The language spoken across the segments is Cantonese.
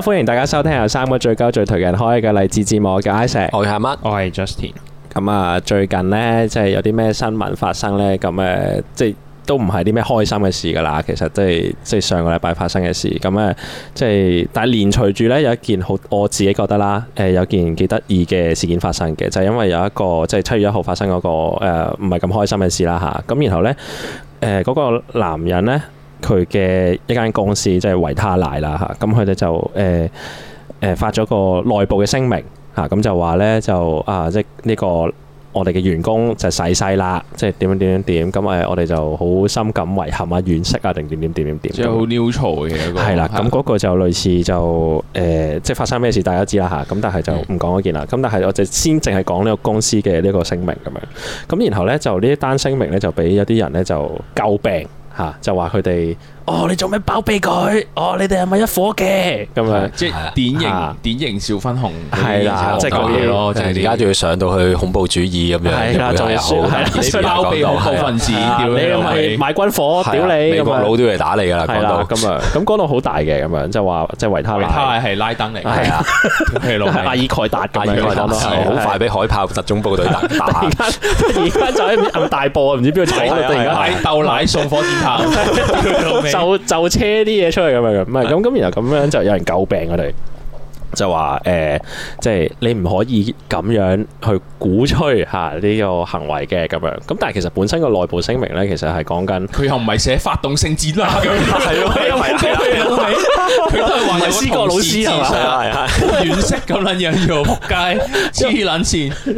歡迎大家收聽由三個最高最頹人開嘅《勵志節目》，我叫 Ice，我係乜？我係 Justin。咁啊，最近呢，即係有啲咩新聞發生呢？咁誒，即係都唔係啲咩開心嘅事噶啦。其實即係即係上個禮拜發生嘅事。咁誒，即係但係連隨住呢，有一件好，我自己覺得啦。誒，有一件幾得意嘅事件發生嘅，就係、是、因為有一個即係七月一號發生嗰個唔係咁開心嘅事啦吓，咁然後呢，誒嗰個男人呢。佢嘅一間公司即係維他奶啦嚇，咁佢哋就誒誒發咗個內部嘅聲明嚇，咁就話咧就啊即呢個我哋嘅員工就逝世啦，即點樣點樣點，咁誒我哋就好深感遺憾啊惋惜啊，定點點點點點，即好鳥嘈嘅，係啦，咁嗰個就類似就誒，即發生咩事大家知啦嚇，咁但係就唔講嗰件啦，咁但係我就先淨係講呢個公司嘅呢一個聲明咁樣，咁然後咧就呢一單聲明咧就俾一啲人咧就詬病。吓，就話佢哋。哦，你做咩包庇佢？哦，你哋係咪一伙嘅？咁啊，即係典型典型小粉紅，係啦，即係講嘢咯，即係而家仲要上到去恐怖主義咁樣，係啦，仲要包庇恐怖分子，你咪賣軍火屌你，美國佬都要打你噶啦。咁啊，咁講到好大嘅咁樣，即係話即係維他命，係係拉登嚟，係啊，係老阿爾蓋達咁樣，好快俾海豹特種部隊打。而家而家就喺度大波，唔知邊個踩而家？賣牛奶送火箭炮， 就就車啲嘢出去咁 樣嘅，唔係咁咁，然後咁樣就有人救病我哋。就話誒，即係你唔可以咁樣去鼓吹下呢個行為嘅咁樣。咁但係其實本身個內部聲明咧，其實係講緊佢又唔係寫發動性戰啊，係咯？係啊，佢都係話埋思覺老師啊嘛，亂識咁撚樣又仆街黐撚線。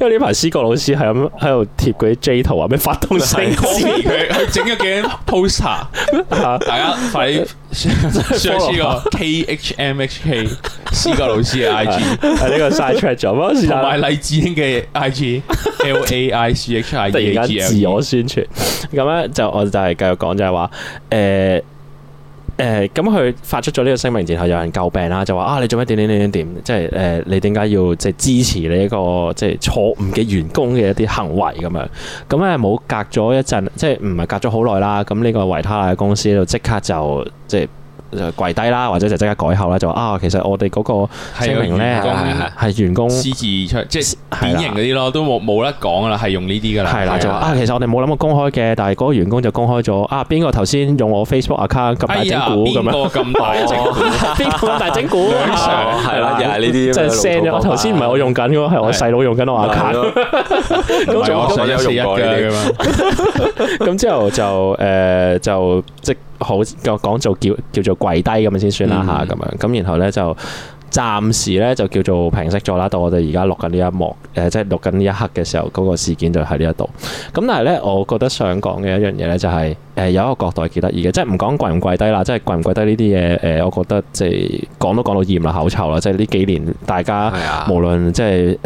因為呢排思覺老師係咁喺度貼嗰啲 J 圖話咩發動性戰，佢整咗幾張 poster，大家快。上次個 K H M H K 視覺老師嘅 I G 係呢個曬出咗，同埋黎智英嘅 I G L A I C H I E A G L E，突然間自我宣傳，咁咧就我就係繼續講就係話誒。誒咁佢發出咗呢個聲明，然後，有人詬病啦，就話啊，你做乜點點點點點？即係誒、呃，你點解要即係支持呢、這、一個即係、就是、錯誤嘅員工嘅一啲行為咁樣？咁咧冇隔咗一陣，即係唔係隔咗好耐啦？咁呢個維他奶公司度即刻就即係。就跪低啦，或者就即刻改口啦，就話啊，其實我哋嗰個證明咧係員工私自出，即係典型嗰啲咯，都冇冇得講噶啦，係用呢啲噶啦，係啦，就話啊，其實我哋冇諗過公開嘅，但係嗰個員工就公開咗啊，邊個頭先用我 Facebook account 咁大整蠱咁樣，邊個咁大整蠱，大整蠱，係啦，又係呢啲，即係 send 咗。頭先唔係我用緊嘅，係我細佬用緊我 account，咁之後就誒就即。好，就講做叫叫做跪低咁樣先算啦吓，咁、嗯、樣咁然後咧就暫時咧就叫做平息咗啦。到我哋而家錄緊呢一幕，誒，即係錄緊呢一刻嘅時候，嗰、那個事件就喺呢一度。咁但係咧，我覺得想講嘅一樣嘢咧就係、是。誒有一個角度係幾得意嘅，即係唔講跪唔跪低啦，即係跪唔跪低呢啲嘢誒，我覺得即係講都講到厭啦口臭啦。即係呢幾年大家的無論即係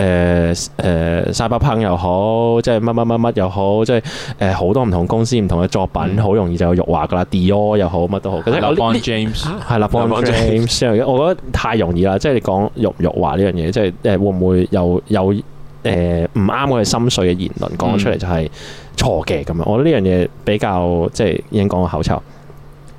誒誒塞又好，即係乜乜乜乜又好，即係誒好多唔同公司唔同嘅作品，好容易就有辱華噶啦。嗯、Dior 又好，乜都好。的我 James 係啦、 啊，James， 我覺得太容易啦。即係你講辱唔辱華呢樣嘢，即係誒會唔會有？又？有有有有有有誒唔啱我哋心水嘅言論講出嚟就係錯嘅咁樣，嗯、我覺得呢樣嘢比較即係已經講過口臭。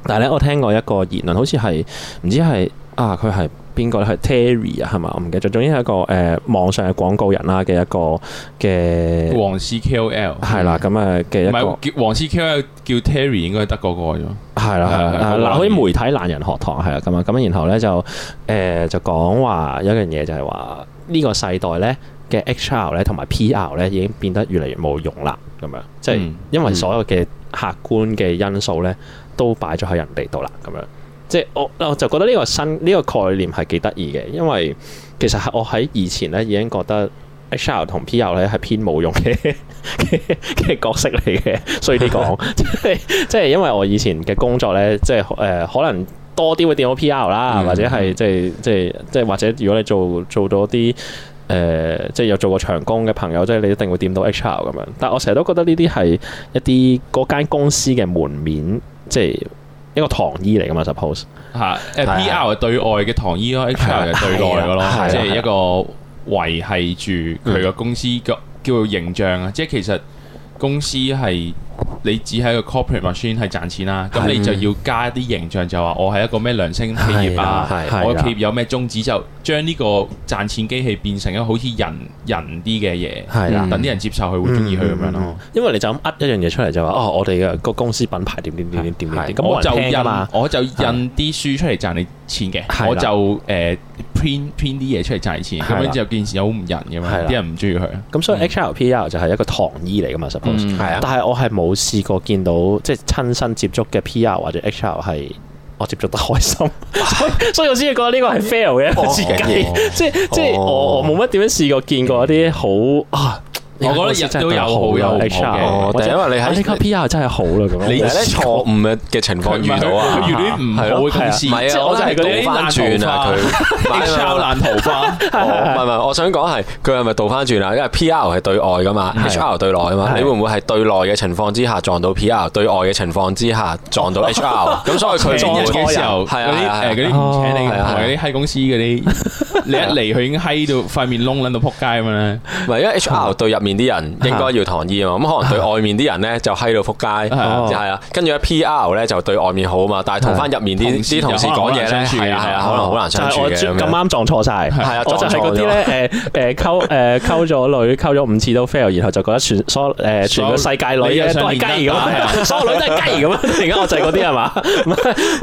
但係咧，我聽過一個言論，好似係唔知係啊，佢係邊個咧？係 Terry 啊，係嘛？我唔記得。總之係一個誒、呃、網上嘅廣告人啦、啊、嘅一個嘅黃絲 KOL 係啦，咁啊嘅一個唔係黃絲 KOL 叫，叫 Terry 應該得嗰個啫嘛，係啦，嗱好似媒體懶人學堂係啦，咁啊咁然後咧就誒、嗯、就講話有一樣嘢就係話呢個世代咧。嘅 H R 咧同埋 P R 咧已經變得越嚟越冇用啦，咁樣即係因為所有嘅客觀嘅因素咧都擺咗喺人哋度啦，咁樣即係我我就覺得呢個新呢個概念係幾得意嘅，因為其實係我喺以前咧已經覺得 H R 同 P R 咧係偏冇用嘅嘅 角色嚟嘅，所以你講即係即係因為我以前嘅工作咧即係誒可能多啲會掂到 P R 啦，或者係即係即係即係或者如果你做做咗啲。誒、嗯，即係有做過長工嘅朋友，即係你一定會掂到 HR 咁樣。但我成日都覺得呢啲係一啲嗰間公司嘅門面，即係一個糖衣嚟㗎嘛。Suppose 嚇，PR 係對外嘅糖衣咯，HR 係對內㗎咯，即係一個維係住佢個公司個叫做形象啊。即係其實公司係你只係個 corporate machine 係賺錢啦，咁你就要加啲形象，的就話我係一個咩良心企業啊，我企業有咩宗旨就。將呢個賺錢機器變成一個好似人人啲嘅嘢，係啦，等 啲人接受佢會中意佢咁樣咯。 因為你就咁噏一樣嘢出嚟就話，哦，我哋嘅個公司品牌點點點點點點，咁 我就印我就印啲書出嚟賺你錢嘅，的我就誒、呃、print print 啲嘢出嚟賺錢。咁的樣件事好唔人嘅的嘛，啲人唔中意佢。咁所以 HR PR 就係一個糖衣嚟㗎嘛，suppose。係啊，但係我係冇試過見到即係、就是、親身接觸嘅 PR 或者 HR 係。我接觸得開心， 所以我先至覺得呢個係 fail 嘅一個設計。哦， 即、哦、即我我冇乜點樣試過見過一啲好啊。我覺得日都有好有唔好嘅，就因為你喺呢間 PR 真係好啦，你而家錯誤嘅情況，遇到啊，越亂唔講公司，我真係嗰啲倒翻轉啊！佢 HR 難逃關，唔係唔係，我想講係佢係咪倒翻轉啊？因為 PR 係對外噶嘛，HR 對內啊嘛，你會唔會係對內嘅情況之下撞到 PR，對外嘅情況之下撞到 HR？咁所以佢撞嘅時候係啊嗰啲唔啲閪公司嗰啲，你一嚟佢已經閪到塊面窿撚到仆街咁樣咧。唔係因為 HR 對入。面啲人應該要唐醫啊嘛，咁可能對外面啲人咧就嗨到撲街，就係啊，跟住咧 P.R. 咧就對外面好啊嘛，但係同翻入面啲啲同事講嘢咧，係啊係啊，可能好難相處嘅。咁啱撞錯晒，係啊！我就係嗰啲咧，誒誒溝誒溝咗女溝咗五次都 fail，然後就覺得全所誒全世界女都係雞咁，所有女都係雞咁樣！而家我就係嗰啲係嘛？唔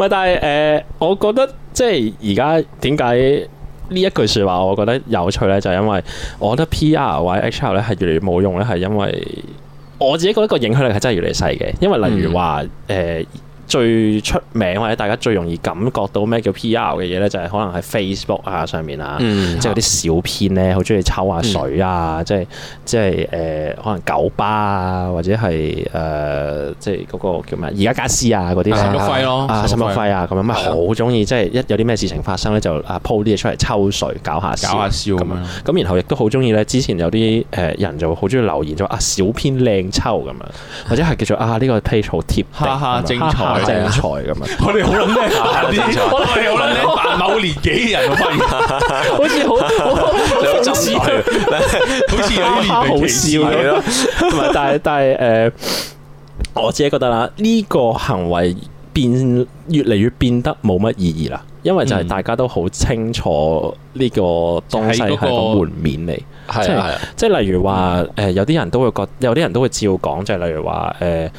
係，但係誒，我覺得即係而家點解？呢一句説話我覺得有趣咧，就係因為我覺得 PR 或者 HR 咧係越嚟越冇用咧，係因為我自己覺得個影響力係真係越嚟越細嘅，因為例如話誒。嗯呃最出名或者大家最容易感覺到咩叫 P.R. 嘅嘢咧，就係可能係 Facebook 啊上面啊，即係嗰啲小編咧，好中意抽下水啊，即係即係誒可能九巴啊，或者係誒即係嗰個叫咩，宜家家私啊嗰啲陳旭輝咯，陳旭輝啊咁樣，咪好中意即係一有啲咩事情發生咧，就啊鋪啲嘢出嚟抽水，搞下笑，搞下笑咁樣。咁然後亦都好中意咧，之前有啲誒人就好中意留言，就啊小編靚抽咁樣，或者係叫做啊呢個 page 好貼地精彩。精彩咁啊！我哋好諗咩？我哋好諗咧，某年紀嘅人，我發現好似好好似好似有啲年齡歧視，好笑咯。唔係，但係但係，誒，我自己覺得啦，呢個行為變越嚟越變得冇乜意義啦，因為就係大家都好清楚呢個東西係個門面嚟，係即係例如話，誒，有啲人都會覺，有啲人都會照講，就係例如話，誒。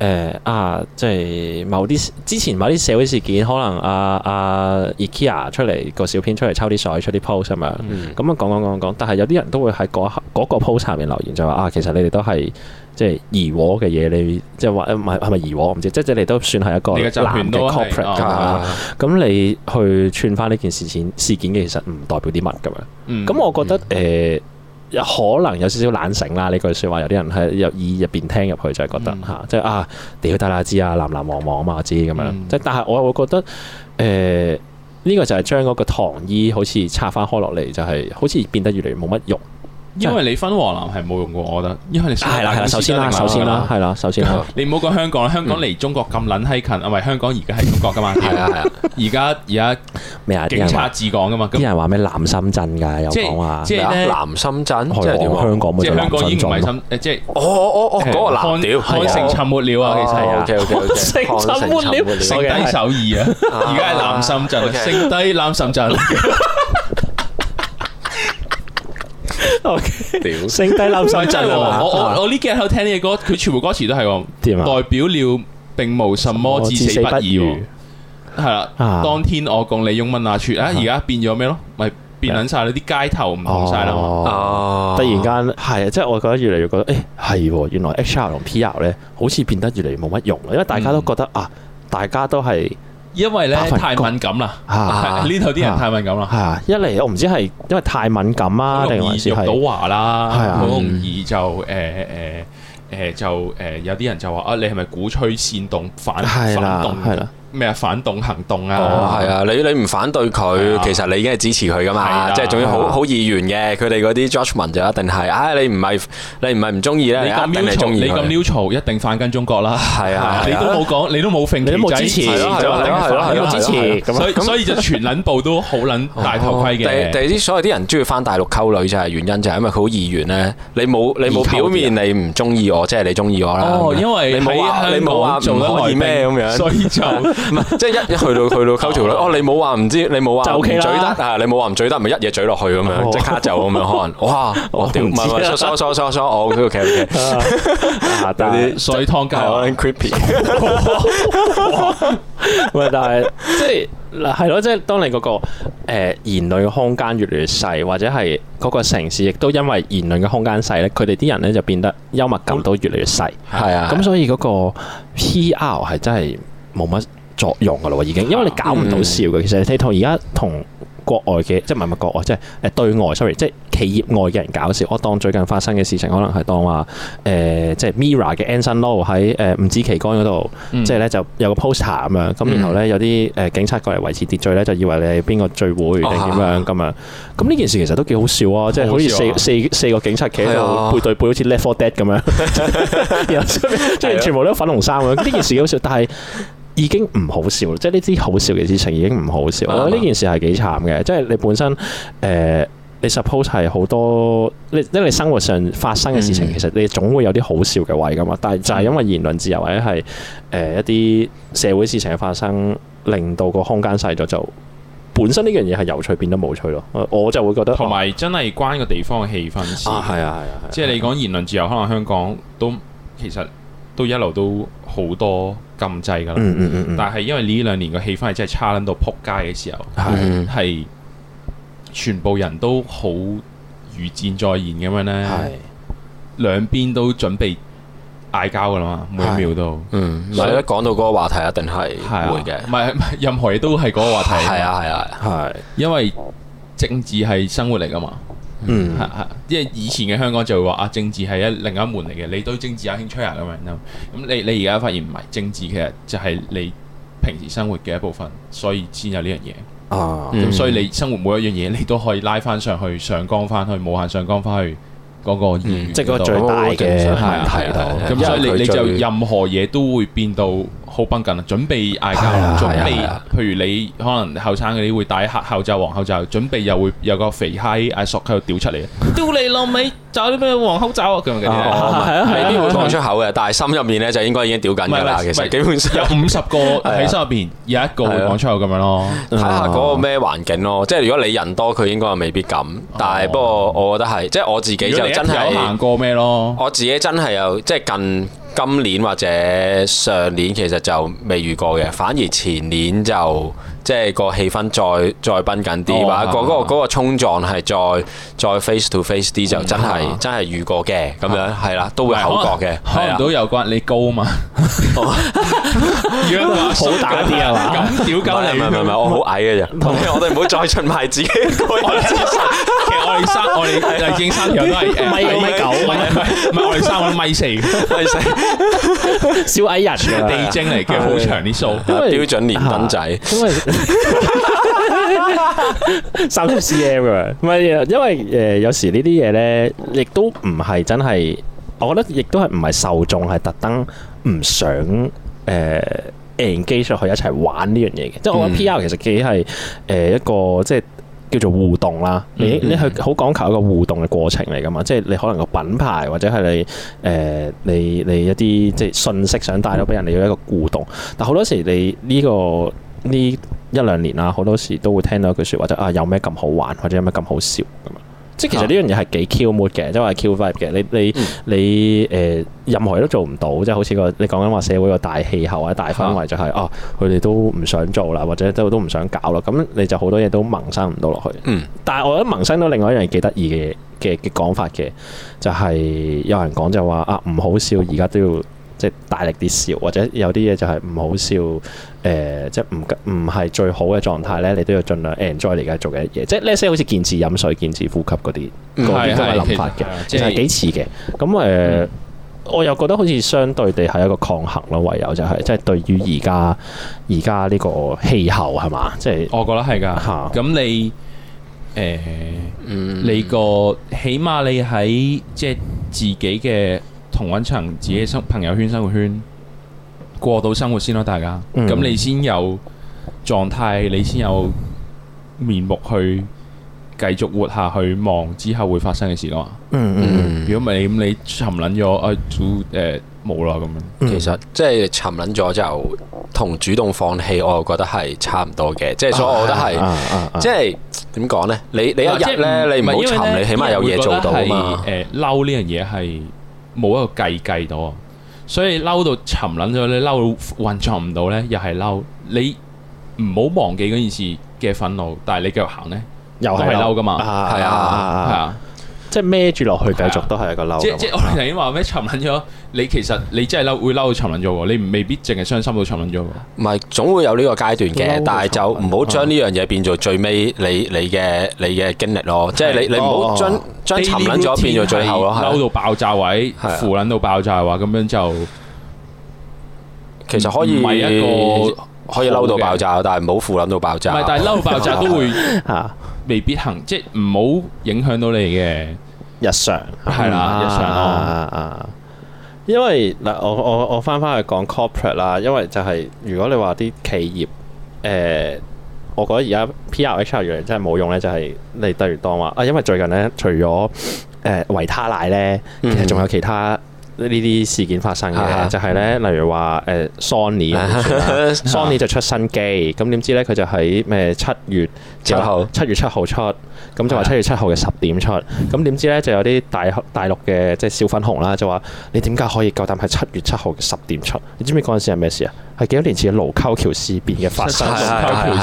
誒、呃、啊！即係某啲之前某啲社會事件，可能啊啊 IKEA 出嚟個小編出嚟抽啲水出啲 post 咁、嗯、樣，咁樣講講講講。但係有啲人都會喺嗰、嗰個嗰個 post 下面留言，就話啊，其實你哋都係即係疑和嘅嘢，你即係話唔係係咪疑和？唔知，即係你都算係一個男嘅 corporate 啦、哦。咁你去串翻呢件事件事件嘅，其實唔代表啲乜咁樣。咁我覺得誒。可能有少少懶醒啦，呢句説話有啲人喺入耳入邊聽入去就係、是、覺得吓，即係、嗯、啊，屌得啦！知啊，藍藍黃黃啊嘛，我知咁樣。即係、嗯、但係我又會覺得誒，呢、呃這個就係將嗰個糖衣好似拆翻開落嚟，就係好似變得越嚟越冇乜用。因為你分黃南係冇用嘅，我覺得。因為你係啦，首先啦，首先啦，係啦，首先啦。你唔好講香港啦，香港離中國咁撚閪近啊！唔係香港而家係中國噶嘛？係啊係啊！而家而家咩啊？警察治港噶嘛？啲人話咩南深圳㗎？有講啊！即係咧南深圳，即係點？香港冇香港已經唔係深誒，即係我我我嗰個南屌，漢城沉沒了啊！其實漢城沉沒了，剩低首爾啊！而家南深圳，剩低南深圳。剩低垃圾真，我我我呢幾日喺度聽呢隻歌，佢全部歌詞都係代表了，並無什麼至死不移。係啦，當天我共你擁吻那處，啊，而家變咗咩咯？咪變捻曬你啲街頭唔同晒啦，哦，突然間係啊，即係我覺得越嚟越覺得，誒，係，原來 H R 同 P R 咧，好似變得越嚟冇乜用啦，因為大家都覺得啊，大家都係。因為咧太敏感啦，呢度啲人太敏感啦、啊。一嚟我唔知係因為太敏感是啊，定係說唔到話啦，好容易就誒誒誒就誒、呃、有啲人就話啊，你係咪鼓吹煽動反、啊、反動？咩反動行動啊？哦，係啊！你你唔反對佢，其實你已經係支持佢噶嘛，即係仲要好好議員嘅，佢哋嗰啲 judgement 就一定係，唉，你唔係你唔係唔中意咧，定係中意佢？你咁 new 潮，一定反緊中國啦，係啊！你都冇講，你都冇，你都冇支持，就一定反，你都冇支持，所所以就全捻部都好捻大頭盔嘅。第第啲所有啲人中意翻大陸溝女就係原因就係因為佢好議員咧，你冇你冇表面你唔中意我，即係你中意我啦。哦，因為你冇你冇話做得咩咁樣，所以就。唔係，即係一一去到去到溝條女，哦，你冇話唔知，你冇話嘴得啊，你冇話唔嘴得，咪一嘢嘴落去咁樣，即刻就咁樣可能，哇，我屌，唔錯錯錯錯，我呢個劇唔好睇，有啲水湯雞，好 creepy，喂，但係即係嗱，係咯，即係當你嗰個誒言論嘅空間越嚟越細，或者係嗰個城市亦都因為言論嘅空間細咧，佢哋啲人咧就變得幽默感都越嚟越細，係啊，咁所以嗰個 PR 係真係冇乜作用噶咯喎，已經，因為你搞唔到笑嘅。其實你同而家同國外嘅，即係唔係唔係國外，即係誒對外，sorry，即係企業外嘅人搞笑。我當最近發生嘅事情，可能係當話誒，即係 Mirror 嘅 Anson Lo 喺誒吳子期嗰度，即係咧就有個 poster 咁樣。咁然後呢，有啲誒警察過嚟維持秩序呢，就以為你係邊個聚會定點樣咁樣。咁呢件事其實都幾好笑啊！即係好似四四四個警察企喺度背對背，好似 Left 4 Dead 咁樣，然後出面即係全部都粉紅衫咁樣！呢件事幾好笑，但係。已經唔好笑，即係呢啲好笑嘅事情已經唔好笑。我覺得呢件事係幾慘嘅，即係你本身，誒，你 suppose 係好多，你因為生活上發生嘅事情，其實你總會有啲好笑嘅位㗎嘛。但係就係因為言論自由或者係誒一啲社會事情嘅發生，令到個空間細咗，就本身呢樣嘢係有趣變得冇趣咯。我就會覺得同埋真係關個地方嘅氣氛事。係啊係啊，即係你講言論自由，可能香港都其實。都一路都好多禁制噶啦，嗯嗯嗯、但係因為呢兩年嘅氣氛係真係差捻到扑街嘅時候，係、嗯、是全部人都好如箭在弦咁樣呢。兩邊是都準備嗌交噶啦嘛，每秒都，嗯、所以一講以到嗰個話題一定係、啊、會嘅，唔係任何嘢都係嗰個話題，係、嗯、啊係啊係，因為政治係生活嚟噶嘛。嗯，係係，即係以前嘅香港就會話啊，政治係一另一門嚟嘅，你對政治有、啊、興趣啊咁樣，咁、嗯、你你而家發現唔係，政治其實就係你平時生活嘅一部分，所以先有呢樣嘢啊。咁、嗯、所以你生活每一樣嘢，你都可以拉翻上去上綱翻去，無限上綱翻去嗰個、嗯，即係個最大嘅問題啦。所以你你就任何嘢都會變到，好繃緊啊！準備嗌交，準備。譬如你可能後生嗰啲會戴黑口罩、黃口罩，準備又會有個肥閪阿索喺度屌出嚟。屌你老味，就啲咩黃口罩啊？咁樣嘅。哦，係啊，未必會講出口嘅，但係心入面咧就應該已經屌緊㗎啦。其實基本上有五十個喺心入邊，有一個會講出口咁樣咯。睇下嗰個咩環境咯。即係如果你人多，佢應該又未必咁。但係不過我覺得係，即係我自己就真係有難過咩咯。我自己真係有，即係近。今年或者上年其實就未遇過嘅，反而前年就。即係個氣氛再再繃緊啲，或者嗰個嗰個衝撞係再再 face to face 啲，就真係真係遇過嘅咁樣，係啦，都會口角嘅，都有關你高嘛。如果話好大啲啊嘛，咁小狗嚟嘅。唔唔唔，我好矮嘅啫。我哋唔好再出賣自己。我哋生，其實我哋生，我哋就係正常都係誒米九。唔係唔係，我哋生我米四，米四。小矮人，地精嚟嘅，好長啲鬚，標準年等仔。三 CM 唔係，因為誒、呃、有時呢啲嘢咧，亦都唔係真係，我覺得亦都係唔係受眾係特登唔想誒、呃、engage 出去一齊玩呢樣嘢嘅。即係、嗯、我覺得 PR 其實幾係誒一個即係叫做互動啦。你你係好講求一個互動嘅過程嚟噶嘛？嗯嗯、即係你可能個品牌或者係你誒、呃、你你一啲即係信息想帶到俾人哋有一個互動。嗯、但好多時你呢、這個呢？這個這個這個這個一兩年啦，好多時都會聽到一句説話，就啊，有咩咁好玩或者有咩咁好笑咁，即係其實呢樣嘢係幾 Q 妙嘅，即係話 Q 妙嘅，你你、嗯、你誒、呃、任何嘢都做唔到，即係好似個你講緊話社會個大氣候或者大氛圍就係、是、啊，佢哋、啊、都唔想做啦，或者都都唔想搞咯，咁你就好多嘢都萌生唔到落去。嗯，但係我覺得萌生到另外一樣幾得意嘅嘅講法嘅，就係、是、有人講就話啊，唔好笑而家都要。即係大力啲笑，或者有啲嘢就係唔好笑，誒、呃，即係唔唔係最好嘅狀態咧，你都要盡量 enjoy 你而家做嘅嘢。即係呢些好似見字飲水、見字呼吸嗰啲嗰啲嘅諗法嘅，嗯嗯、其實係幾似嘅。咁誒實，我又覺得好似相對地係一個抗衡咯。唯有就係即係對於而家而家呢個氣候係嘛？即係、就係、我覺得係㗎。嚇！咁你誒，嗯、你個起碼你喺即係自己嘅。同揾層自己生朋友圈生活圈過到生活先咯、啊，大家咁、嗯、你先有狀態，你先有面目去繼續活下去，望之後會發生嘅事咯、嗯嗯嗯。嗯嗯。如果唔係咁，你沉撚咗，唉、呃，冇啦咁樣。其實即係沉撚咗就同主動放棄，我又覺得係差唔多嘅。即係、啊、所以我覺得係，啊啊啊、即係點講呢？你你一日呢，你唔好沉，你起碼有嘢做到啊嘛。誒嬲呢樣嘢係。冇一個計計到，啊，所以嬲到沉撚咗，你嬲到運作唔到呢，又係嬲。你唔好忘記嗰件事嘅憤怒，但係你繼續行呢，又係嬲㗎嘛？係啊，啊，係啊，啊。即係孭住落去繼續都係一個嬲。即即我哋頭先話咩沉撚咗，你其實你真係嬲會嬲到沉撚咗喎，你未必淨係傷心到沉撚咗喎。唔係，總會有呢個階段嘅，但係就唔好將呢樣嘢變做最尾你你嘅你嘅經歷咯。即係你你唔好將將沉撚咗變做最後嬲到爆炸位，扶撚到爆炸話咁樣就，其實可以唔係一個。可以嬲到爆炸，但係唔好負諗到爆炸。唔係，但係嬲爆炸都會嚇，未必行，即係唔好影響到你嘅日常係啦，日常啊啊！因為嗱，我我我翻翻去講 corporate 啦，因為就係如果你話啲企業誒，我覺得而家 PRHR 越嚟真係冇用咧，就係你例如當話啊，因為最近咧，除咗誒維他奶咧，其實仲有其他。呢啲事件發生嘅就係、是、呢。例如話誒、呃、Sony，Sony 就出新機，咁點知呢？佢就喺咩、呃、七月七號，七月七號出。咁就話七月七號嘅十點出，咁點知咧就有啲大大陸嘅即係小粉紅啦，就話你點解可以夠膽喺七月七號嘅十點出？你知唔知嗰陣時係咩事啊？係幾多年前嘅盧溝橋事變嘅發生，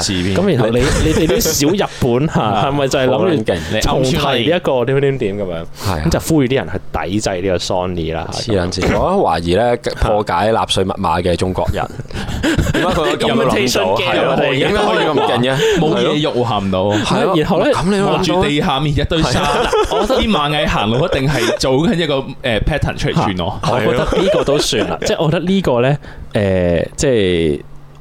事咁然後你你你啲小日本嚇係咪就係諗住重提呢一個點點點咁樣？咁就呼籲啲人去抵制呢個 Sony 啦。黐撚線， 我好懷疑咧破解納粹密碼嘅中國人點解佢咁諗解可以咁勁嘅？冇嘢用行唔到。係咯。咁 你住地下面一堆沙，我覺得啲螞蟻行路一定係做緊一個誒 pattern 出嚟轉咯。我覺得呢 個都算啦，即係、 啊、 我覺得呢個咧誒，即係。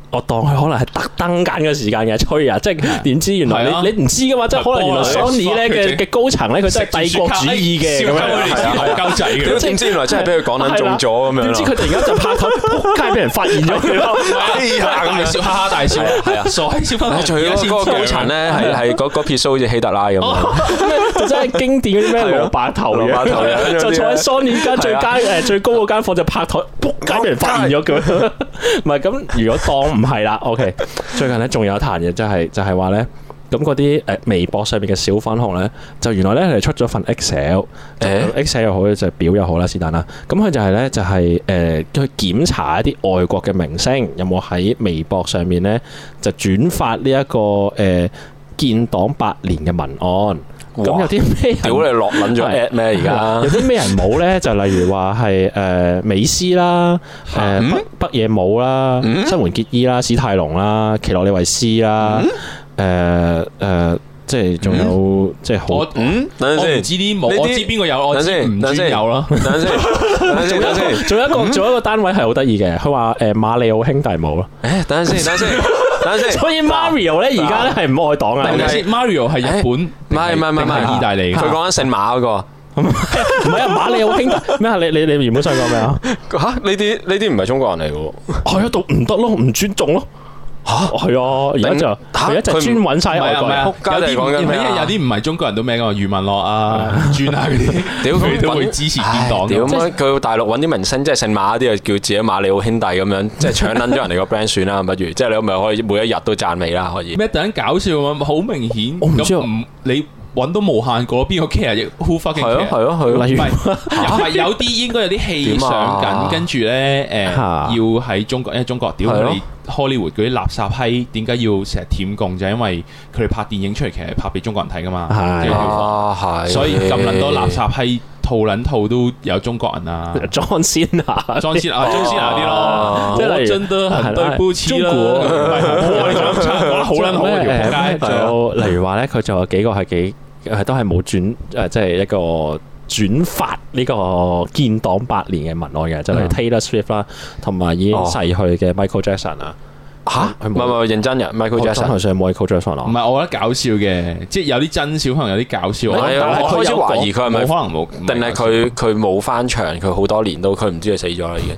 我當佢可能係特登揀嘅時間嘅吹啊！即係點知原來你你唔知嘅嘛？即係可能原來 Sony 咧嘅嘅高層咧，佢真係帝國主義嘅咁樣，係啊，夠仔嘅。點知原來真係俾佢講緊中咗咁樣咯。點知佢突然間就拍台，仆街俾人發現咗佢。哎呀！咁樣笑哈哈大笑，係啊，傻閪笑翻。仲有嗰個高層咧，係係嗰撇須好似希特拉咁樣，真係經典嗰啲咩老白頭老白頭嘅。就坐喺 Sony 間最間誒最高嗰間房就拍台，仆街俾人發現咗佢。唔係咁，如果當唔係啦，OK，最近咧仲有一談嘢，就係、是、就係話咧，咁嗰啲誒微博上面嘅小粉紅咧，就原來咧佢哋出咗份 Excel，Excel 又、欸、Ex 好咧就係、表又好啦，就是但啦，咁佢就係咧就係誒去檢查一啲外國嘅明星有冇喺微博上面咧就轉發呢、這、一個誒、呃、建黨百年嘅文案。咁有啲咩屌你落卵咗咩？而家有啲咩人冇咧？就例如話係誒美斯啦，誒北野武啦，新垣結衣啦，史泰龍啦，奇洛里維斯啦，誒誒，即係仲有即係好。等陣先，唔知啲冇，我知邊個有，我知唔知有咯？等陣先，仲有一個，仲有一個單位係好得意嘅，佢話誒馬里奧兄弟冇咯。誒，等陣先，等陣先。等等，所以呢呢打 Mario 咧，而家咧，係唔愛黨啊！Mario 係日本，唔係唔係唔係意大利嘅。佢講緊姓馬嗰個，唔係啊！馬里奧兄弟咩啊？你你你原本想講咩啊？嚇！呢啲呢啲唔係中國人嚟嘅喎，係啊！喺度唔得咯，唔尊重咯。嚇，係啊！而家就佢一隻專揾曬外鬼，有啲有啲唔係中國人都咩噶嘛？余文樂啊，專啊嗰啲，屌佢都會支持建黨？屌咁樣佢去大陸揾啲明星，即係姓馬嗰啲，就叫自己馬里奧兄弟咁樣，即係搶攬咗人哋個 brand 算啦，不如，即係你咪可以每一日都讚美啦，可以咩？突然間搞笑啊！好明顯，我唔知道你。揾到無限個邊個 care 亦 who fucking care？例如唔係有啲應該有啲戲上緊，跟住咧誒要喺中國，因為中國屌你哋 Hollywood 嗰啲垃圾閪，點解要成日舔共？就係因為佢哋拍電影出嚟其實係拍俾中國人睇㗎嘛。係啊，所以咁撚多垃圾閪套撚套都有中國人啊。John Cena 啊，John Cena 啊，John Cena 嗰啲咯，即係真都係 bullshit 好撚好條街，就例如話咧，佢就有幾個係幾。係都係冇轉誒，即係一個轉發呢個建黨八年嘅文案嘅，就係 Taylor Swift 啦，同埋已經逝去嘅 Michael Jackson 啊。吓？唔係唔係認真人，Michael Jackson。我通常冇 Michael Jackson 啊。唔係，我覺得搞笑嘅，即係有啲真小朋友有啲搞笑。我開始懷疑佢係咪，可能冇，定係佢佢冇翻牆，佢好多年都佢唔知佢死咗啦已經。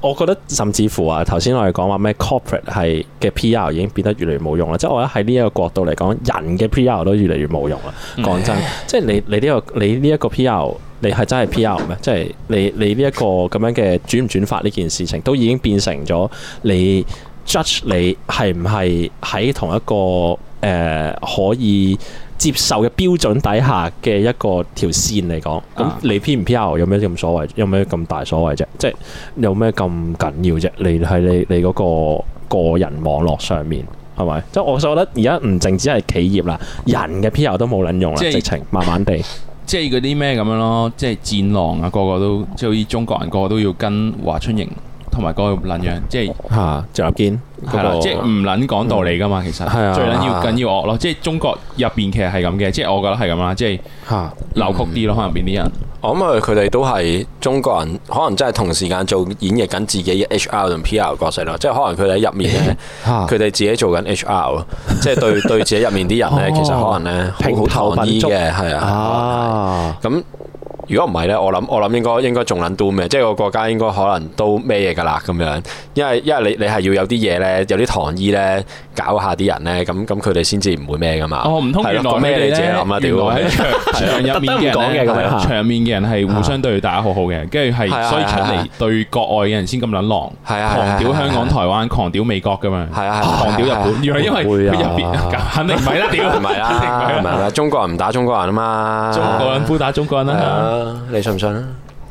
我覺得甚至乎啊，頭先我哋講話咩 corporate 係嘅 PR 已經變得越嚟越冇用啦，即係我覺得喺呢一個角度嚟講，人嘅 PR 都越嚟越冇用啦。講真，即係你你呢個你呢一個 PR，你係真係 PR 咩？即係你你呢一個咁樣嘅轉唔轉發呢件事情，都已經變成咗你 judge 你係唔係喺同一個誒、呃、可以接受嘅標準底下嘅一個條線嚟講，咁你 PR 唔 PR 有咩咁所謂？有咩咁大所謂啫？即係有咩咁緊要啫？你喺你你嗰個個人網絡上面係咪？即係我所覺得而家唔淨止係企業啦，人嘅 P R 都冇卵用啦，是直情，慢慢地，即係嗰啲咩咁樣咯，即係戰狼啊，個個都即係好似中國人個個都要跟華春瑩。同埋嗰個撚樣，即係嚇，張立堅，係嘛、那個？即係唔撚講道理噶嘛，嗯、其實最撚要緊要惡咯，即係中國入邊其實係咁嘅，即係我覺得係咁啦，即係嚇扭曲啲咯，可能邊啲人？嗯、我諗佢哋都係中國人，可能真係同時間做演繹緊自己嘅 HR 同 PR 角色咯，即係可能佢哋喺入面咧，佢哋自己做緊 HR，< 呵惡 S 2> 即係對 對自己入面啲人咧，其實可能咧好透啲嘅，係啊，咁。嗯如果唔係咧，我諗我諗應該應該仲撚都咩，即係個國家應該可能都咩嘢㗎啦咁樣，因為因為你你係要有啲嘢咧，有啲唐醫咧搞下啲人咧，咁咁佢哋先至唔會咩㗎嘛。哦，唔通原來咩咧？原來場入面嘅場面嘅人係互相對大家好好嘅，跟住係所以出嚟對國外嘅人先咁撚狼，啊，屌香港台灣，狂屌美國㗎嘛，狂屌日本。因為因為入邊肯定唔係啦，屌唔係啊，唔係啦，中國人唔打中國人啊嘛，中國人唔打中國人啊。你信唔信啊？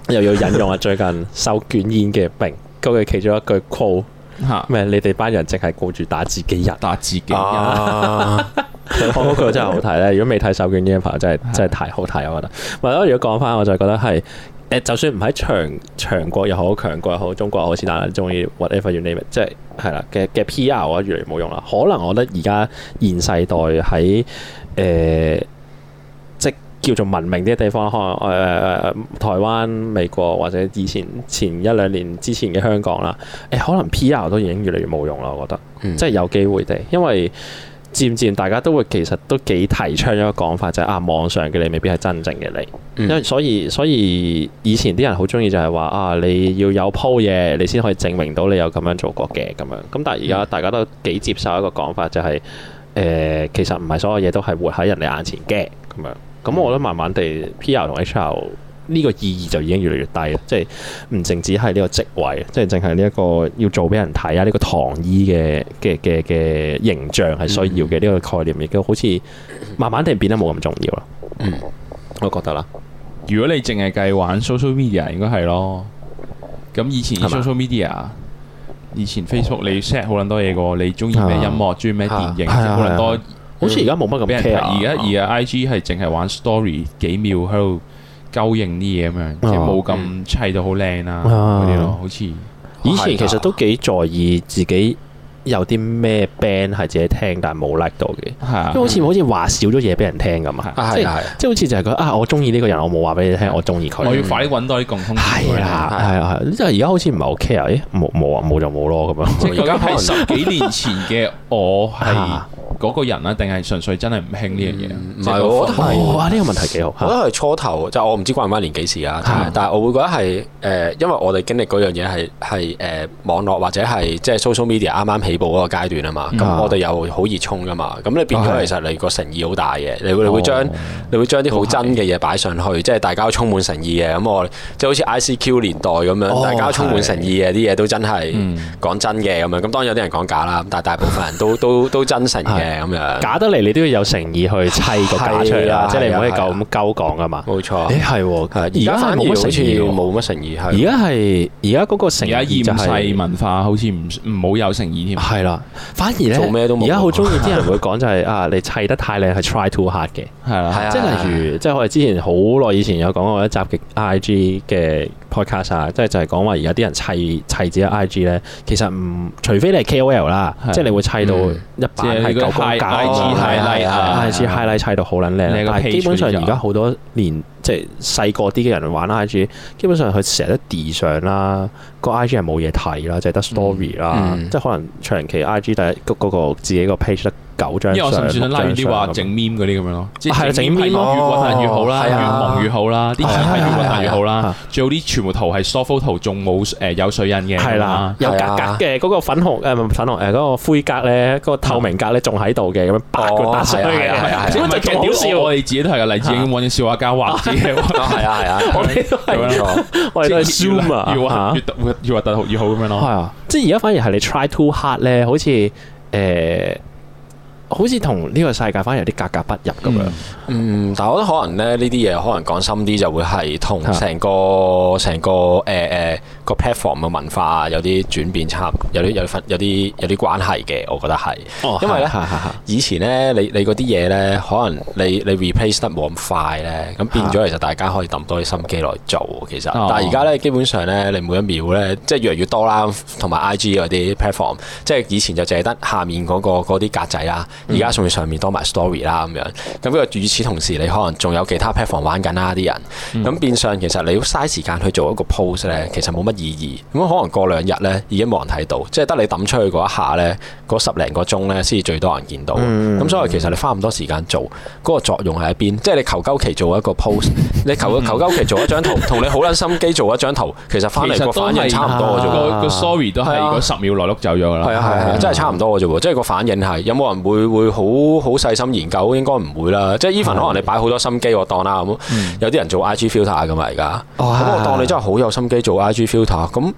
又要引用啊！最近手捲煙嘅名，究竟其中一句 call，咩？啊、你哋班人淨係顧住打自己人，打自己人。嗰句、那個、真係好睇咧！如果未睇手捲煙嘅朋友真係真係太好睇，我覺得。咪咯，是如果講翻，我就覺得係誒，就算唔喺長長國又好，強國又好，中國又好，是但你中意 whatever you name it，即係係啦嘅嘅 P R 啊，越嚟冇用啦。可能我覺得而家現世代喺誒。呃叫做文明啲嘅地方，可能、呃、台灣、美國或者以前前一兩年之前嘅香港啦。誒，可能 P.R. 都已經越嚟越冇用啦。我覺得，嗯、即係有機會嘅，因為漸漸大家都會其實都幾提倡一個講法，就係、是、啊，網上嘅你未必係真正嘅你，嗯、因為所以所以以前啲人好鍾意就係話啊，你要有鋪嘢，你先可以證明到你有咁樣做過嘅咁樣。咁但係而家大家都幾接受一個講法，就係、是、誒、呃，其實唔係所有嘢都係活喺人哋眼前嘅咁樣。咁我覺得慢慢地 PR 同 HR 呢個意義就已經越嚟越低，即係唔淨止係呢個職位，即係淨係呢一個要做俾人睇啊！呢、呢個糖衣嘅嘅嘅嘅形象係需要嘅呢、嗯、個概念，亦都好似慢慢地變得冇咁重要啦、嗯。我覺得啦。如果你淨係計玩 social media，應該係咯。咁以前 social media，吧以前 Facebook 你 set 好撚多嘢嘅，你中意咩音樂，中意咩電影，即好撚多。好似而家冇乜咁俾人睇，而家而家 IG 係淨係玩 story 幾秒喺度勾應啲嘢咁樣，即冇咁砌到好靚啦啲咯。好似以前其實都幾在意自己有啲咩 band 係自己聽，但係冇 like 到嘅，因為好似好似話少咗嘢俾人聽咁啊！即係好似就係佢啊！我中意呢個人，我冇話俾你聽，我中意佢。我要快啲搵多啲共通。係啦，係啊，係，即係而家好似唔係好 care，冇冇啊，冇就冇咯咁樣。即係而家係十幾年前嘅我係。嗰個人啊，定係純粹真係唔興呢樣嘢？唔係，我覺得係哇，呢個問題幾好。我覺得係初頭，就我唔知關唔關年幾時啊，但係我會覺得係誒，因為我哋經歷嗰樣嘢係係誒網絡或者係即係 social media 啱啱起步嗰個階段啊嘛。咁我哋又好熱衷㗎嘛。咁你變咗其實你個誠意好大嘅，你會你會將你會將啲好真嘅嘢擺上去，即係大家都充滿誠意嘅。咁我即係好似 ICQ 年代咁樣，大家都充滿誠意嘅，啲嘢都真係講真嘅咁樣。咁當然有啲人講假啦，但係大部分人都都都真誠嘅。誒，咁樣假得嚟，你都要有誠意去砌個假出啦，即係你唔可以咁鳩講噶嘛。冇錯。誒，係，而家冇乜誠意，冇乜誠意。而家係，而家嗰個誠意，而家現世文化好似唔唔好有誠意添。係啦，反而咧，咩都冇，而家好中意啲人會講就係啊，你砌得太靚係 try too hard 嘅。係啦，即係例如，即係我哋之前好耐以前有講過一集極 I G 嘅。開卡，即係就係講，話而家啲人砌砌自己 I G 咧，IG，其實唔，除非你係 K O L 啦，即係你會砌到一百，係九宮格 I G highlight highlight 砌到好撚靚。基本上而家好多年，即係細個啲嘅人玩 I G，基本上佢成日都地上啦，個 I G 係冇嘢睇啦，即係得 story 啦，嗯嗯、即係可能長期 I G 第一嗰嗰個自己個 page 九張，因為我甚至想拉遠啲話整面嗰啲咁樣咯，即係啲圖越搵下越好啦，越忙越好啦，啲越好啦。仲有啲全部圖係 soft photo 仲冇誒有水印嘅，係啦，有格格嘅，嗰個粉紅誒粉紅誒，嗰個灰格咧，嗰個透明格咧仲喺度嘅，咁樣白過白相嘅。唔係其實我哋自己都係例子，已經揾啲笑話教畫嘅，係啊係啊，我哋都係，我哋都係 zoom 啊，越越越畫突好越好咁樣咯。係啊，即係而家反而係你 try too hard 咧，好似誒。好似同呢個世界反而有啲格格不入咁樣，嗯。嗯，但係我覺得可能咧，呢啲嘢可能講深啲就會係同成個成是的 個誒誒、呃呃、個 platform 嘅文化有啲轉變差，有啲有啲有啲有啲關係嘅。我覺得係，哦、因為咧以前咧，你你嗰啲嘢咧，可能你你 replace 得冇咁快咧，咁變咗其實大家可以抌多啲心機嚟做。其實，是的 但係而家咧基本上咧，你每一秒咧，即係越嚟越多啦，同埋 IG 嗰啲 platform，即係以前就淨係得下面嗰、嗰個嗰啲、嗰個、格仔啦、啊。而家仲要上面多埋 story 啦咁樣。咁不過與此同時，你可能仲有其他 platform 玩緊啦啲人，咁變相其實你要嘥時間去做一個 post 咧，其實冇乜意義。咁可能過兩日咧，已經冇人睇到，即係得你抌出去嗰一下咧，嗰十零個鐘咧先至最多人見到。咁 所以其實你花咁多時間做，嗰、嗰個作用喺邊？即、就、係、是、你求鳩期做一個 post，你求求鳩期做一張圖，同 你好撚心機做一張圖，其實翻嚟個反應差唔多嘅啫。啊、個 story、啊、都係嗰十秒內碌走咗啦。係啊係啊，真係差唔多嘅啫喎，即係個反應係有冇人會？佢會好好細心研究，應該唔會啦。即係 Even 可能你擺好多心機，嗯、我當啦咁。有啲人做 IG filter 咁嘛，而家咁我當你真係好有心機做 IG filter。咁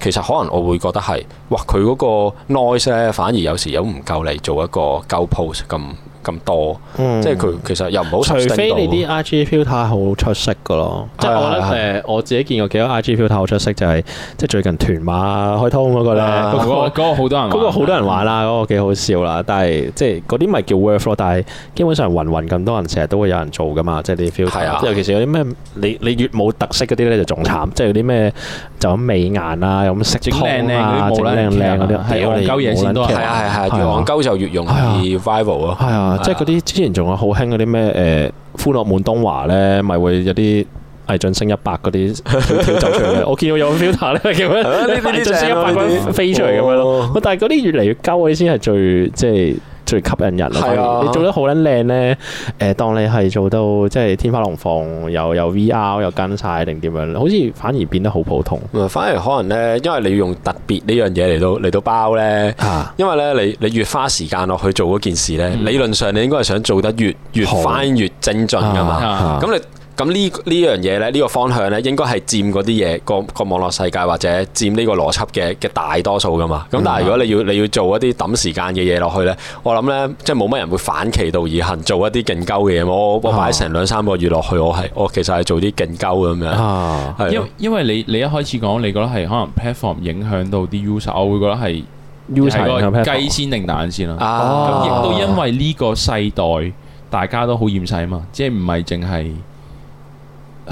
其實可能我會覺得係，哇！佢嗰個 noise 咧，反而有時有唔夠你做一個 go pose 咁。咁多，即係佢其實又唔好。除非你啲 IG filter 好出色噶咯，即係我覺得誒，我自己見過幾多 IG filter 好出色就係，即係最近屯馬開通嗰個咧，嗰個好多人，嗰個好多人玩啦，嗰個幾好笑啦。但係即係嗰啲咪叫 work 咯，但係基本上雲雲咁多人成日都會有人做噶嘛，即係啲 filter。尤其是有啲咩，你你越冇特色嗰啲咧就仲慘，即係嗰啲咩就咁美顏啊，咁色調啊，整靚靚嗰啲，嘢都係啊係啊，越戇鳩就越容易 viral 啊。即係嗰啲之前仲有好興嗰啲咩，誒，歡樂滿東華咧，咪會有啲偽晉升一百嗰啲跳走出嚟。 我見過有個表達咧，叫咩偽晉升一百蚊飛出嚟咁樣咯。啊、但係嗰啲越嚟越舊先係最即係。最吸引人啦！啊、你做得好撚靚咧，誒，當你係做到即係天花龍鳳，又有，有 VR 又跟晒，定點樣，好似反而變得好普通。反而可能咧，因為你要用特別呢樣嘢嚟到嚟到包咧，啊、因為咧你你越花時間落去做嗰件事咧，嗯、理論上你應該係想做得越越翻好越精準㗎嘛。咁、啊啊、你。咁呢呢樣嘢咧，呢、這個方向咧，應該係佔嗰啲嘢個個網絡世界或者佔呢個邏輯嘅嘅大多數噶嘛。咁、嗯、但係如果你要你要做一啲抌時間嘅嘢落去咧，我諗咧即係冇乜人會反其道而行做一啲勁鳩嘅嘢。我我擺成兩三個月落去，我係我其實係做啲勁鳩咁樣。嗯、的因為因為你你一開始講你覺得係可能 platform 影響到啲 user，我會覺得係 user 雞先定蛋先啦、啊。咁亦都因為呢個世代大家都好厭世啊嘛，即係唔係淨係。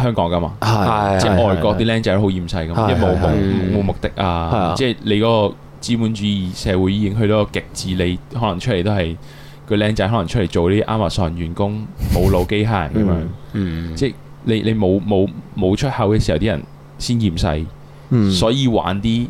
香港噶嘛，的即係外國啲僆仔好厭世咁，一冇冇目的啊！的即係你嗰個資本主義社會已經去到極致，你可能出嚟都係個僆仔，可能出嚟做啲 Amazon 員工，冇腦機械咁樣。嗯嗯、即係你你冇冇冇出口嘅時,、嗯、時候，啲人先厭世。所以玩啲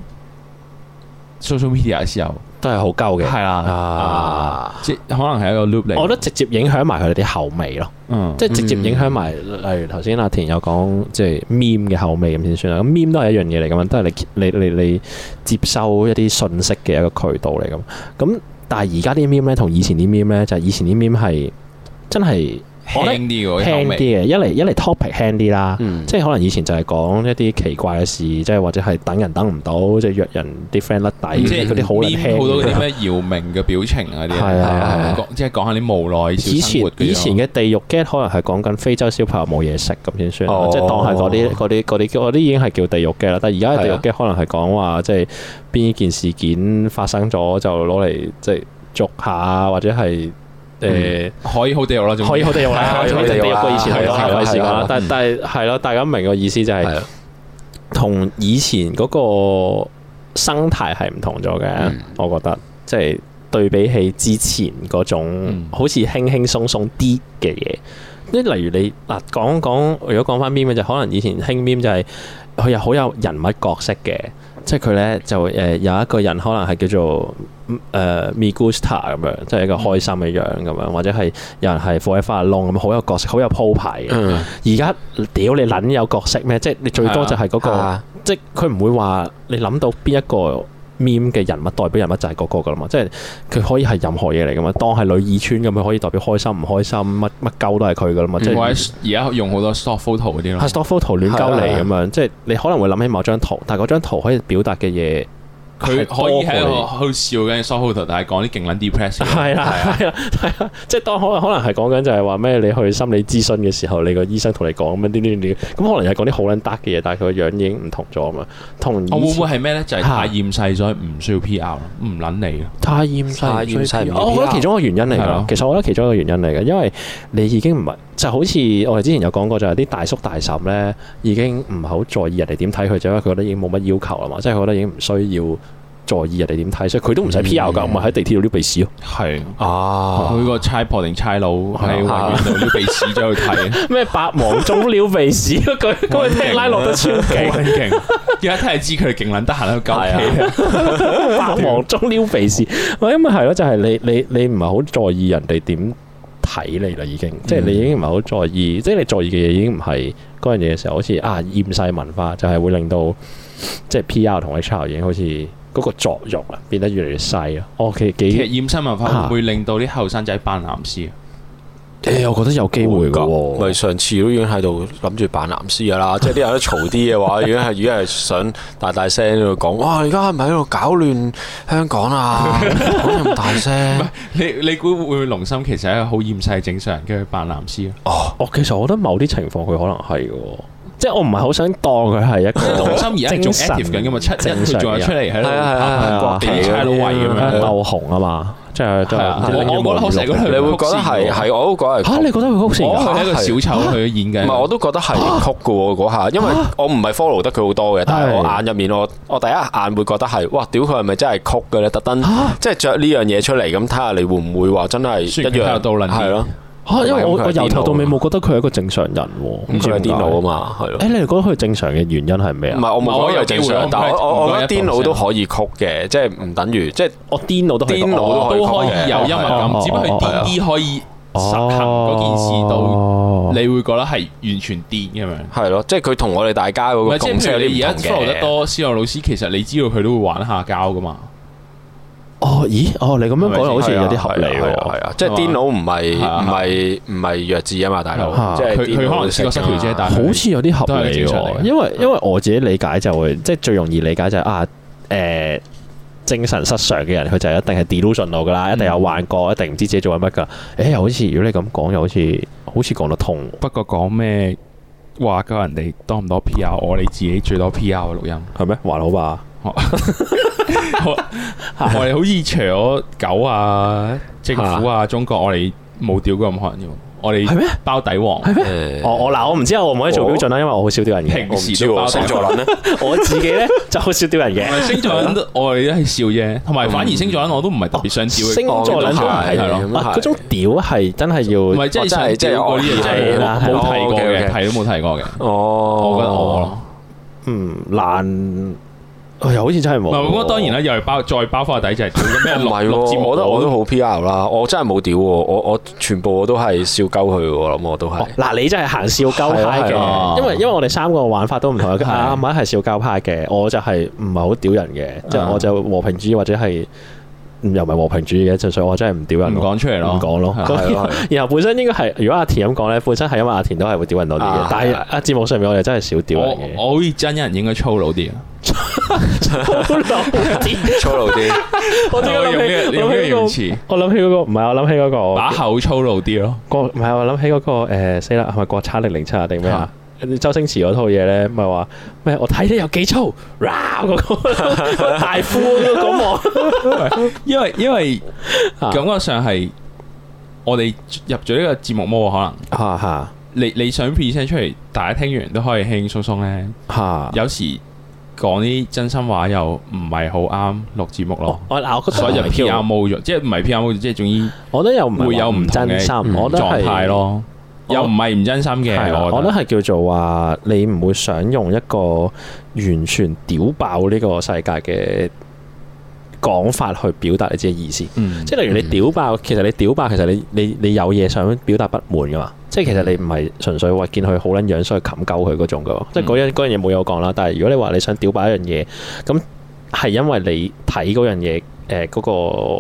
social media 嘅時候。都係好鳩嘅，係了啊，即可能係一個 loop 嚟。我覺得直接影響埋佢哋啲後味咯，嗯、即直接影響埋，嗯、例如頭先阿田有講，即係 meme 嘅後味咁先算啦。咁 meme 都係一樣嘢嚟，咁嘛，都係你你你你，你接收一啲信息嘅一個渠道嚟咁。咁但係而家啲 meme 咧，同以前啲 meme 咧，就係、是、以前啲 meme 係真係。輕啲嘅，輕啲嘅，一嚟一嚟 topic 輕啲啦，嗯、即係可能以前就係講一啲奇怪嘅事，即係或者係等人等唔到，即、就、係、是、約人啲 friend 甩底，即係嗰啲好輕好多嗰啲咩姚明嘅表情啊啲，係啊係啊，即係講下啲無奈的的以。以前以前嘅地獄 get 可能係講緊非洲小朋友冇嘢食咁先算，即係、哦、當係嗰啲啲啲嗰啲已經係叫地獄 get 啦。但係而家嘅地獄 get 可能係講話即係邊件事件發生咗就攞嚟即係捉下或者係。誒，可以好啲咯，可以好啲咯，可以好啲咯，過以前係咯，係咯，但但係係咯，大家明個意思就係，同以前嗰個生態係唔同咗嘅，我覺得，即係對比起之前嗰種，好似輕輕鬆鬆啲嘅嘢，即係例如你嗱，講講如果講翻 b i 就可能以前輕 b i 就係佢又好有人物角色嘅，即係佢咧就誒有一個人可能係叫做。咁誒、uh, Mi Gusta 咁樣，即係一個開心嘅樣咁樣，嗯、或者係有人係 Forever Alone 咁，好有角色，好有鋪排嘅。而家、嗯、屌你諗有角色咩？即係你最多就係嗰、那個，啊、即係佢唔會話你諗到邊一個 meme 嘅人物代表人物就係嗰、那個噶啦嘛。即係佢可以係任何嘢嚟噶嘛，當係女二穿咁，佢可以代表開心唔開心，乜乜鳩都係佢噶啦嘛。即係而家用好多 Stock Photo 嗰啲咯，Stock Photo 亂鳩嚟咁樣，啊、即係你可能會諗起某張圖，但係嗰張圖可以表達嘅嘢。佢可以喺度去笑嘅，so 好同大家講啲勁撚 depress 嘅。係啦，係啦，係啦，即係當可能可能係講緊就係話咩？你去心理諮詢嘅時候，你個醫生同你講咁樣啲啲啲，咁可能係講啲好撚 dark 嘅嘢，但係佢個樣已經唔同咗啊嘛。同我會唔會係咩咧？就係太厭世咗，唔、啊、需要 PR，唔撚理。太厭世，太厭世，哦。我覺得其中一個原因嚟㗎。了其實我覺得其中一個原因嚟嘅，因為你已經唔係。就好似我哋之前有講過，就係啲大叔大嬸咧，已經唔係好在意人哋點睇佢，就因為佢覺得已經冇乜要求啊嘛，即係佢覺得已經唔需要在意人哋點睇，所以佢都唔使 P R 噶，唔係喺地鐵度撩鼻屎咯。係啊，佢個差婆定差佬喺度撩鼻屎，走去睇咩，百忙中撩鼻屎，佢聽拉落都超勁，而家聽係知佢勁撚得閒喺度搞嘅，百忙中撩鼻屎，喂，咁咪係咯，就係你你你唔係好在意人哋點。睇你啦，已經即係你已經唔係好在意，嗯、即係你在意嘅嘢已經唔係嗰樣嘢嘅時候好，好似啊厭世文化就係、是、會令到即係 P R 同 HR 已經好似嗰個作用啊變得越嚟越細啊。OK，、哦、幾其實厭世文化會,會令到啲後生仔扮藍絲。誒，我覺得有機會㗎，咪上次都已經喺度諗住扮藍絲嘅啦，即係啲人嘈啲嘅話，如果係如果係想大大聲喺度講，哇，而家係咪喺度搞亂香港啊？講咁大聲，你你估會唔會龍心其實係一個好厭世正常人嘅扮藍絲啊？哦，其實我覺得某啲情況佢可能係嘅，即係我唔係好想當佢係一個龍心而家仲 active 緊㗎嘛，七日佢仲有出嚟喺度打國慶拆路圍咁樣鬥紅啊嘛～真係，我覺得好你會覺得係係，我都覺得嚇，你覺得佢好佢係一個小丑去演嘅。唔係，我都覺得係曲嘅喎，嗰下，因為我唔係 follow 得佢好多嘅，但係我眼入面我我第一眼會覺得係，哇！屌佢係咪真係曲嘅咧？特登即係着呢樣嘢出嚟咁，睇下你會唔會話真係一樣係咯。嚇！因為我我由頭到尾冇覺得佢係一個正常人，唔算係電腦啊嘛，係咯。誒，你哋覺得佢正常嘅原因係咩啊？唔係我我以為正常，但係我覺得電腦都可以曲嘅，即係唔等於即係我電腦都電腦都可以曲嘅，都可以有音樂感，只不過電腦可以實行嗰件事，到你會覺得係完全癲咁樣。係咯，即係佢同我哋大家嗰個共識有啲唔同嘅。你而家 follow 得多思校老師，其實你知道佢都會玩下交噶嘛？哦，咦，哦，你咁樣講好似有啲合理喎。哦，係啊，即係癲佬唔係唔係唔係弱智啊嘛，大佬，即係佢可能精神失常，好似有啲合理嘅。哦，因為因為我自己理解就會，即係最容易理解就係、是、啊，誒、呃，精神失常嘅人佢就一定係 delusion 咯噶啦，一定有幻覺，一定唔知自己做緊乜噶，誒、欸，又好似如果你咁講，又好似好似講得通，不過講咩話嘅人哋多唔多 PR，我你自己最多 PR 嘅錄音係咩？話佬吧。 我哋好易搶狗啊！政府啊，中國我哋冇屌過咁多人嘅，我哋咩包底王？係咩？哦，我嗱，我唔知我可唔可以做標準啦，因為我好少屌人嘅，平時都星座男咧，我自己咧就好少屌人嘅。星座男都我係一係笑啫，同埋反而星座男我都唔係特別想屌。星座男都係咯，嗰種屌係真係要，唔係即係即係即係冇提過嘅，提都冇提過嘅。哦，我覺得嗯難。好似真係冇。嗱， 啊、我覺得當然啦，又係包再包翻個底，就係做咩六六我都好 P R 啦。我真係冇屌喎，我我全部都我，我都係笑鳩佢喎。我諗我都係。嗱，你真係行笑鳩派嘅，啊啊，因為因為我哋三個玩法都唔同。阿阿敏係笑鳩派嘅，我就係唔係好屌人嘅，即係我就和平主義或者係。又唔係和平主義嘅，純粹我真係唔屌人，唔講出嚟咯，唔講咯。然後本身應該係，如果阿田咁講咧，本身係因為阿田都係會屌人多啲嘅，但係阿節目上面我哋真係少屌人嘅。我好似真人應該粗魯啲，粗魯啲，粗魯啲。我知我用咩用咩詞？我諗起嗰個唔係，我諗起嗰個把口粗魯啲咯。國唔係我諗起嗰個誒，死啦係咪國產零零七啊定咩啊？周星馳嗰套嘢咧，咪係話咩？我睇你有幾粗，嗰、那個大褲咁 因為因為，因為感覺上係我哋入咗呢個節目麼？可能吓吓、啊啊，你你想 P S 出嚟，大家聽完都可以輕輕鬆鬆咧。吓、啊，有時講啲真心話又唔係好啱錄節目咯、哦。我嗱我所以就 P R M 咗，即係唔係 P R M，即係總之，我覺得都我又唔會有唔真心，嗯、我覺得係咯。我又唔係唔真心嘅，的我覺得係叫做話你唔會想用一個完全屌爆呢個世界嘅講法去表達你自己意思。嗯、即係例如你屌爆，嗯、爆，其實你屌爆，其實你你你有嘢想表達不滿㗎嘛？即係其實你唔係純粹話見佢好撚樣所以冚鳩佢嗰種㗎。即係嗰樣嘢冇有我講啦。但係如果你話你想屌爆一樣嘢，咁係因為你睇嗰樣嘢，誒嗰、呃那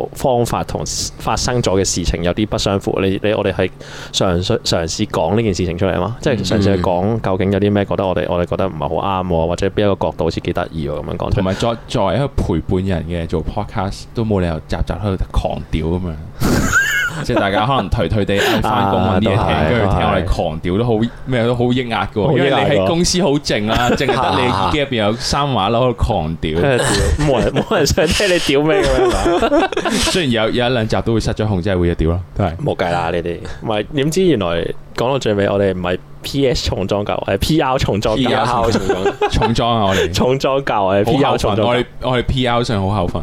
個方法同發生咗嘅事情有啲不相符，你你我哋係嘗嘗試講呢件事情出嚟啊嘛，嗯、即係嘗試去講究竟有啲咩覺得我哋我哋覺得唔係好啱，或者邊一個角度好似幾得意喎咁樣講。同埋作作為一個陪伴人嘅做 podcast 都冇理由集集去狂屌啊嘛。 即係大家可能頹頹地翻工揾啲嘢聽，跟住聽我哋狂屌都好咩都好抑壓嘅，因為你喺公司好靜啦，淨係得你耳機入邊有三話咯狂屌，冇人冇人想聽你屌咩咁樣講。雖然有有一兩集都會失咗控，即係會一屌咯，係冇計啦呢啲。唔係點知原來講到最尾，我哋唔係 P S 重裝教，係 P R 重裝。P R 重裝重裝啊！我哋重裝教係 P R 重，我哋 P R 上好厚粉。